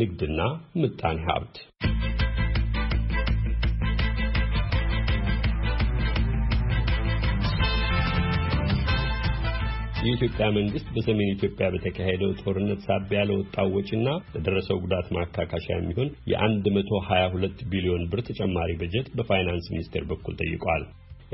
ንግድና ምጣኔ ሀብት የኢትዮጵያ መንግስት በሰሜን ኢትዮጵያ በተካሄደው ጦርነት ሳቢያ ለወጣው ወጪና ለደረሰው ጉዳት ማካካሻ የሚሆን የ122 ቢሊዮን ብር ተጨማሪ በጀት በፋይናንስ ሚኒስቴር በኩል ጠይቋል።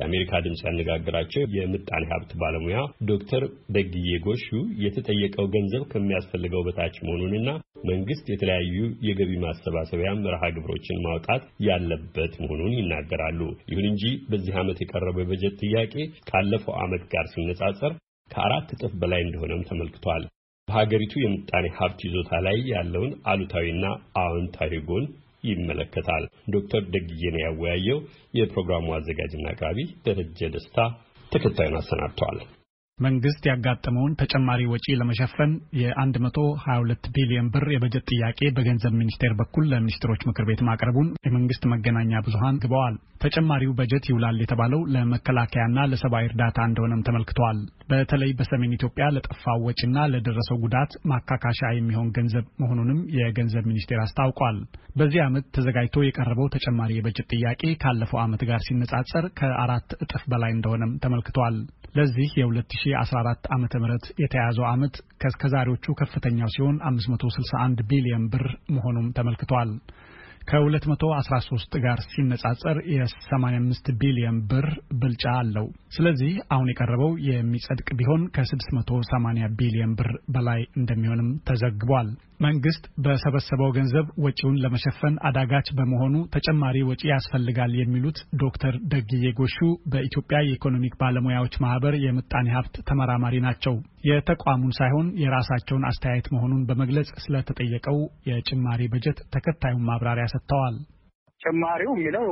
የአሜሪካ ድምፅ ያነጋግራቸው የምጣኔ ሀብት ባለሙያ ዶክተር ደግዬ ጎሹ የተጠየቀው ገንዘብ ከሚያስፈልገው በታች መሆኑንና መንግስት የተለያዩ የገቢ ማሰባሰቢያ መርሃ ግብሮችን ማውጣት ያለበት መሆኑን ይናገራሉ። ይሁን እንጂ በዚህ ዓመት የቀረበው የበጀት ጥያቄ ካለፈው ዓመት ጋር ሲነጻጸር ከአራት እጥፍ በላይ እንደሆነም ተመልክቷል። በሀገሪቱ የምጣኔ ሀብት ይዞታ ላይ ያለውን አሉታዊና አዎንታዊ ጎን ይመለከታል። ዶክተር ነው ያወያየው የፕሮግራሙ አዘጋጅና አቅራቢ ደረጀ ደስታ ተከታዩን አሰናድተዋል። መንግስት ያጋጠመውን ተጨማሪ ወጪ ለመሸፈን የ122 ቢሊዮን ብር የበጀት ጥያቄ በገንዘብ ሚኒስቴር በኩል ለሚኒስትሮች ምክር ቤት ማቅረቡን የመንግስት መገናኛ ብዙሃን ግበዋል። ተጨማሪው በጀት ይውላል የተባለው ለመከላከያና ለሰብአዊ እርዳታ እንደሆነም ተመልክተዋል። በተለይ በሰሜን ኢትዮጵያ ለጠፋው ወጪና ለደረሰው ጉዳት ማካካሻ የሚሆን ገንዘብ መሆኑንም የገንዘብ ሚኒስቴር አስታውቋል። በዚህ ዓመት ተዘጋጅቶ የቀረበው ተጨማሪ የበጀት ጥያቄ ካለፈው ዓመት ጋር ሲነጻጸር ከአራት እጥፍ በላይ እንደሆነም ተመልክቷል። ለዚህ የ2014 ዓ ም የተያዘው ዓመት ከእስከዛሬዎቹ ከፍተኛው ሲሆን 561 ቢሊዮን ብር መሆኑም ተመልክቷል። ከ213 ጋር ሲነጻጸር የ85 ቢሊዮን ብር ብልጫ አለው። ስለዚህ አሁን የቀረበው የሚጸድቅ ቢሆን ከ680 ቢሊዮን ብር በላይ እንደሚሆንም ተዘግቧል። መንግስት በሰበሰበው ገንዘብ ወጪውን ለመሸፈን አዳጋች በመሆኑ ተጨማሪ ወጪ ያስፈልጋል የሚሉት ዶክተር ደግዬ ጎሹ በኢትዮጵያ የኢኮኖሚክ ባለሙያዎች ማህበር የምጣኔ ሀብት ተመራማሪ ናቸው። የተቋሙን ሳይሆን የራሳቸውን አስተያየት መሆኑን በመግለጽ ስለተጠየቀው የጭማሪ በጀት ተከታዩን ማብራሪያ ሰጥተዋል። ጭማሪው የሚለው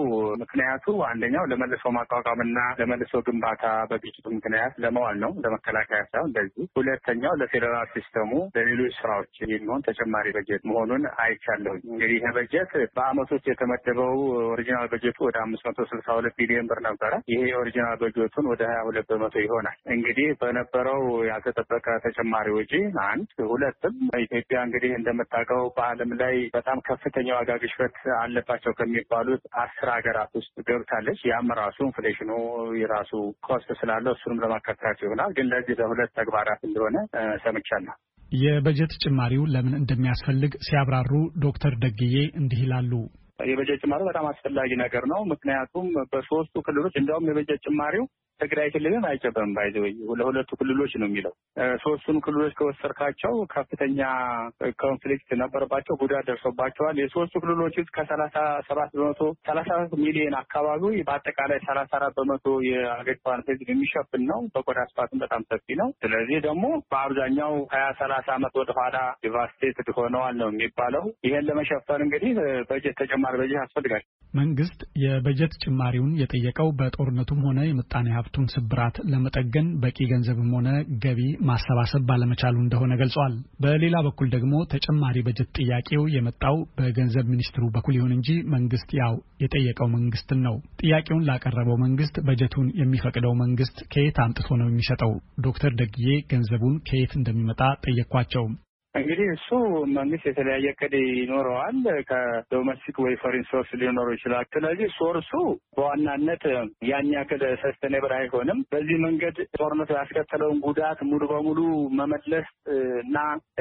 ምክንያቱ አንደኛው ለመልሶ ማቋቋምና ለመልሶ ግንባታ በግጭቱ ምክንያት ለመዋል ነው፣ ለመከላከያ ሳይሆን ለዚህ። ሁለተኛው ለፌዴራል ሲስተሙ ለሌሎች ስራዎች የሚሆን ተጨማሪ በጀት መሆኑን አይቻለሁኝ። እንግዲህ ይህ በጀት በአመቶች የተመደበው ኦሪጂናል በጀቱ ወደ አምስት መቶ ስልሳ ሁለት ቢሊዮን ብር ነበረ። ይሄ ኦሪጂናል በጀቱን ወደ ሀያ ሁለት በመቶ ይሆናል። እንግዲህ በነበረው ያልተጠበቀ ተጨማሪ ወጪ አንድ፣ ሁለትም ኢትዮጵያ እንግዲህ እንደምታውቀው በዓለም ላይ በጣም ከፍተኛ ዋጋ ግሽበት አለባቸው ከሚ የሚባሉት አስር ሀገራት ውስጥ ገብታለች። ያም ራሱ ኢንፍሌሽኑ የራሱ ኮስት ስላለው እሱንም ለማካካት ይሆናል። ግን ለዚህ ለሁለት ተግባራት እንደሆነ ሰምቻለሁ። የበጀት ጭማሪው ለምን እንደሚያስፈልግ ሲያብራሩ ዶክተር ደግዬ እንዲህ ይላሉ። የበጀት ጭማሪው በጣም አስፈላጊ ነገር ነው። ምክንያቱም በሶስቱ ክልሎች እንዲያውም የበጀት ጭማሪው ትግራይ ክልልን አይጨበም ባይዘወይ ለሁለቱ ክልሎች ነው የሚለው። ሶስቱን ክልሎች ከወሰድካቸው ከፍተኛ ኮንፍሊክት ነበረባቸው፣ ጉዳት ደርሶባቸዋል። የሶስቱ ክልሎች ውስጥ ከሰላሳ ሰባት በመቶ ሰላሳ ሰባት ሚሊዮን አካባቢ በአጠቃላይ ሰላሳ አራት በመቶ የአገሪቷን ሕዝብ የሚሸፍን ነው። በቆዳ ስፋትም በጣም ሰፊ ነው። ስለዚህ ደግሞ በአብዛኛው ሀያ ሰላሳ ዓመት ወደኋላ ዲቫስቴት ሆነዋል ነው የሚባለው። ይህን ለመሸፈን እንግዲህ በጀት ተጨማሪ በጀት ያስፈልጋል። መንግስት የበጀት ጭማሪውን የጠየቀው በጦርነቱም ሆነ የምጣኔ ሀብቱን ስብራት ለመጠገን በቂ ገንዘብም ሆነ ገቢ ማሰባሰብ ባለመቻሉ እንደሆነ ገልጿል። በሌላ በኩል ደግሞ ተጨማሪ በጀት ጥያቄው የመጣው በገንዘብ ሚኒስትሩ በኩል ይሁን እንጂ መንግስት ያው የጠየቀው መንግስትን ነው። ጥያቄውን ላቀረበው መንግስት በጀቱን የሚፈቅደው መንግስት ከየት አምጥቶ ነው የሚሰጠው? ዶክተር ደግዬ ገንዘቡን ከየት እንደሚመጣ ጠየኳቸው። እንግዲህ እሱ መንግስት የተለያየ እቅድ ይኖረዋል። ከዶሜስቲክ ወይ ፎሬን ሶርስ ሊኖረው ይችላል። ስለዚህ ሶርሱ በዋናነት ያን ያክል ሰስተኔብል አይሆንም። በዚህ መንገድ ጦርነቱ ያስከተለውን ጉዳት ሙሉ በሙሉ መመለስ እና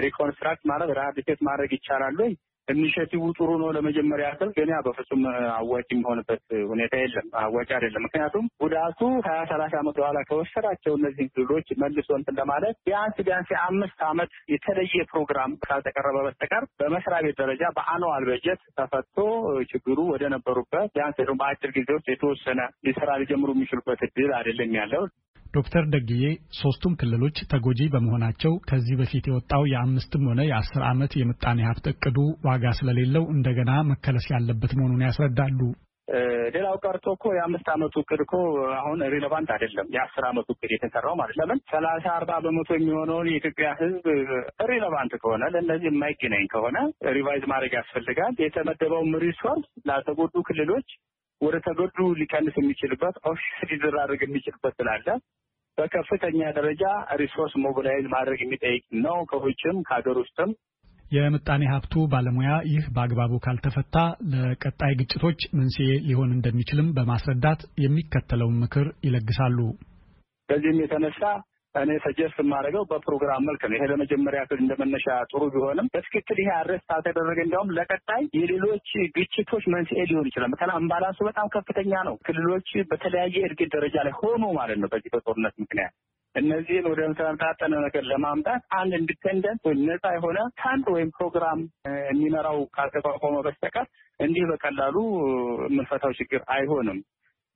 ሪኮንስትራክት ማለት ራዲኬት ማድረግ ይቻላል ወይ? ኢኒሽቲቭ ጥሩ ነው ለመጀመሪያ ያክል ግን በፍጹም አዋጭ የሚሆንበት ሁኔታ የለም። አዋጭ አይደለም። ምክንያቱም ጉዳቱ ሀያ ሰላሳ ዓመት በኋላ ከወሰዳቸው እነዚህ ክልሎች መልሶ እንትን ለማለት ቢያንስ ቢያንስ የአምስት ዓመት የተለየ ፕሮግራም ካልተቀረበ በስተቀር በመስሪያ ቤት ደረጃ በአኗዋል በጀት ተፈቶ ችግሩ ወደ ነበሩበት ቢያንስ ደግሞ በአጭር ጊዜ ውስጥ የተወሰነ ሊሰራ ሊጀምሩ የሚችሉበት እድል አይደለም ያለው። ዶክተር ደግዬ ሶስቱም ክልሎች ተጎጂ በመሆናቸው ከዚህ በፊት የወጣው የአምስትም ሆነ የአስር ዓመት የምጣኔ ሀብት እቅዱ ዋጋ ስለሌለው እንደገና መከለስ ያለበት መሆኑን ያስረዳሉ። ሌላው ቀርቶ እኮ የአምስት ዓመቱ እቅድ እኮ አሁን ሪሌቫንት አይደለም። የአስር ዓመቱ እቅድ የተሰራው ማለት ለምን ሰላሳ አርባ በመቶ የሚሆነውን የኢትዮጵያ ሕዝብ ሪሌቫንት ከሆነ ለእነዚህ የማይገናኝ ከሆነ ሪቫይዝ ማድረግ ያስፈልጋል። የተመደበውም ሪሶርስ ለተጎዱ ክልሎች ወደ ተጎዱ ሊቀንስ የሚችልበት ኦፊስ ሊደራረግ የሚችልበት ስላለ በከፍተኛ ደረጃ ሪሶርስ ሞቢላይዝ ማድረግ የሚጠይቅ ነው ከውጭም ከሀገር ውስጥም። የምጣኔ ሀብቱ ባለሙያ ይህ በአግባቡ ካልተፈታ ለቀጣይ ግጭቶች መንስኤ ሊሆን እንደሚችልም በማስረዳት የሚከተለውን ምክር ይለግሳሉ። በዚህም የተነሳ እኔ ሰጀስት የማደርገው በፕሮግራም መልክ ነው። ይሄ ለመጀመሪያ ክፍል እንደመነሻ ጥሩ ቢሆንም በትክክል ይሄ አድረስ አልተደረገ እንዲያውም ለቀጣይ የሌሎች ግጭቶች መንስኤ ሊሆን ይችላል። በተለይ አምባላንሱ በጣም ከፍተኛ ነው። ክልሎች በተለያየ እድገት ደረጃ ላይ ሆኖ ማለት ነው በዚህ በጦርነት ምክንያት እነዚህን ወደ ተመጣጠነ ነገር ለማምጣት አንድ ኢንዲፔንደንት ወይም ነጻ የሆነ ከአንድ ወይም ፕሮግራም የሚመራው ካልተቋቋመ በስተቀር እንዲህ በቀላሉ የምንፈታው ችግር አይሆንም።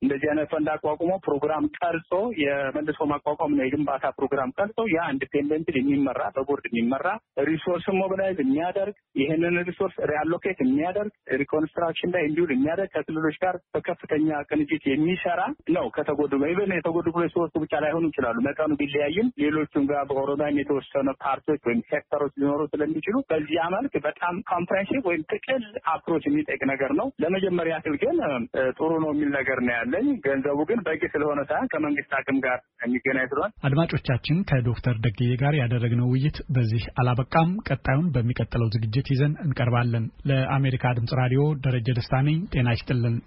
እንደዚህ አይነት ፈንድ አቋቁሞ ፕሮግራም ቀርጾ የመልሶ ማቋቋም ነው የግንባታ ፕሮግራም ቀርጾ ያ ኢንዲፔንደንት የሚመራ በቦርድ የሚመራ ሪሶርስን ሞቢላይዝ የሚያደርግ ይህንን ሪሶርስ ሪአሎኬት የሚያደርግ ሪኮንስትራክሽን ላይ እንዲሁል የሚያደርግ ከክልሎች ጋር በከፍተኛ ቅንጅት የሚሰራ ነው። ከተጎዱ ኢቨን የተጎዱ ሪሶርሱ ሶስቱ ብቻ ላይሆኑ ይችላሉ። መጠኑ ቢለያይም ሌሎቹም ጋር በኦሮሚያም የተወሰነ ፓርቲዎች ወይም ሴክተሮች ሊኖሩ ስለሚችሉ በዚያ መልክ በጣም ኮምፕሬንሲቭ ወይም ጥቅል አፕሮች የሚጠይቅ ነገር ነው። ለመጀመሪያ ክል ግን ጥሩ ነው የሚል ነገር ነው ያለ አለኝ። ገንዘቡ ግን በቂ ስለሆነ ሳይሆን ከመንግስት አቅም ጋር የሚገናኝ ስለሆነ አድማጮቻችን ከዶክተር ደግዬ ጋር ያደረግነው ውይይት በዚህ አላበቃም። ቀጣዩን በሚቀጥለው ዝግጅት ይዘን እንቀርባለን። ለአሜሪካ ድምጽ ራዲዮ ደረጀ ደስታ ነኝ። ጤና ይስጥልን።